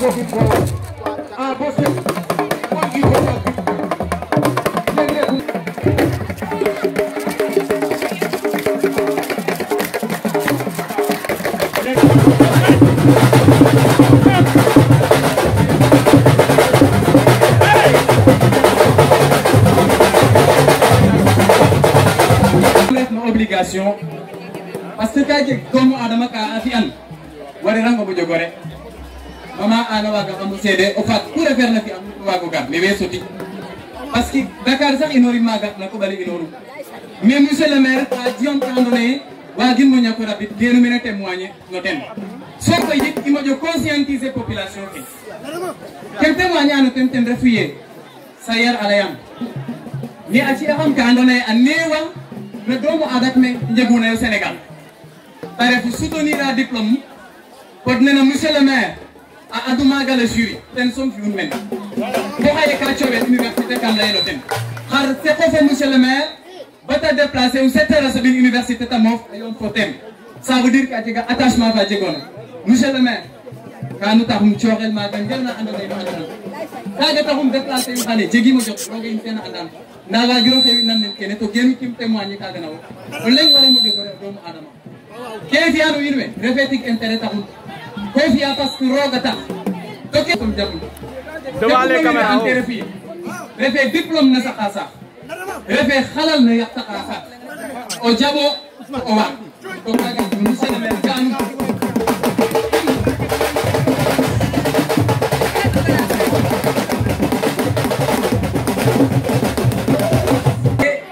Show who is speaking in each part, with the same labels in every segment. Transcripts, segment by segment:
Speaker 1: go deep forward. Ah, boss him. One give go back. obligation parce que kaje gitu, adama ka afiyan wari rango bu jogore mama ana waaga xam o seede o faak ku refeer fi am o waago gar mais we soti Dakar sax inoorim maaga na koɓale inoorum mais monsieur le maire a jiyon ka andoona yee waagin mo ñako rabid geenu mene témoigner no ten soo koy yit i moƴo conscientiser population ke kem témoigner ano ten ten refu yee Sayar a layaam mais a ci'axam ka andoona yee a neewal no doomu adat me njeguna yo Sénégal ta refu soutenir a diplôme pod nene monsieur le maire a adumagal a jury ten som fi'un mene bo xaye ka coowel université kam layel o ten xar seko fo monsieur le maire bata déplacer u seter a soɓin université ta moof a yoon fo ten ça veut dire que a jega attachement fa jegoona monsieur le maire ka nu taxum cooxel maaga ngerna ando naye no andanan kaaga taxum déplacer u xane jegim o jot roga in ten andan naga giro fe nan nen kene to genu kim témoigner kaga na wo o leŋ wara moƴo gore doomu adama ke fiyano wiin we refe tig intérêt taxum Devi atas kerogata. Oke, teman-teman. Dewa Refe diplom na sa kasa. Refe halal na yakta kasa. O jabo, o wa.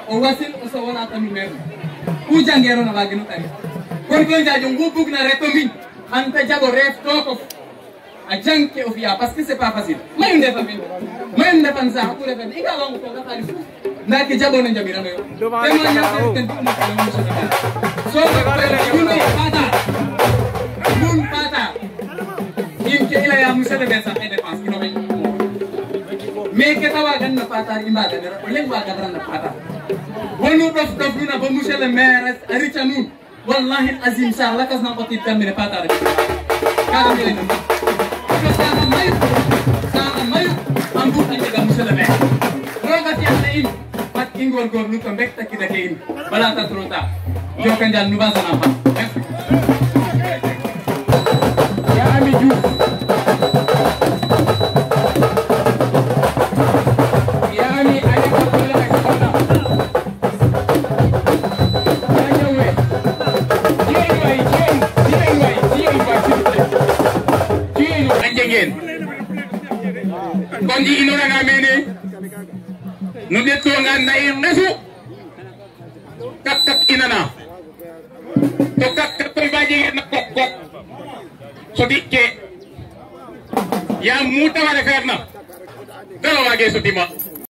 Speaker 1: O wasin o sa wala kami meron. Ujang gero na wagin o tayo. gubuk na reto min. Anta Diago reeftoo ko a janke o fiya par ce que c' est pas facile mayum ndefa min mayum ndefan saha ku refen i nga wangu toga xaalis fu nda ke jaɓo no jaɓirano yo temañaten ɗum so ɗuno fata ɗum fata in ke i leya monsieur le maire sax e dépense ino may mais ke ta wagan no fatar i mbaganera o leŋ wagan ran no fatar wonu ɗof ɗofuna bo monsieur le maire a rica nuun wallahi azim sa lakas na koti tammire patare kala mere dum ko sa na mayu sa na mayu am bu tan daga monsieur le maire roga ti ala in pat ingol gor nu to jokanjal nu basana ngeen kon i inoranga mene nu o ndeetluwanga na i n g e s u kak kak inana to kak kak koy ba jegeerna kok kok soti ke yaam mu ta ware feerna dara waage sotima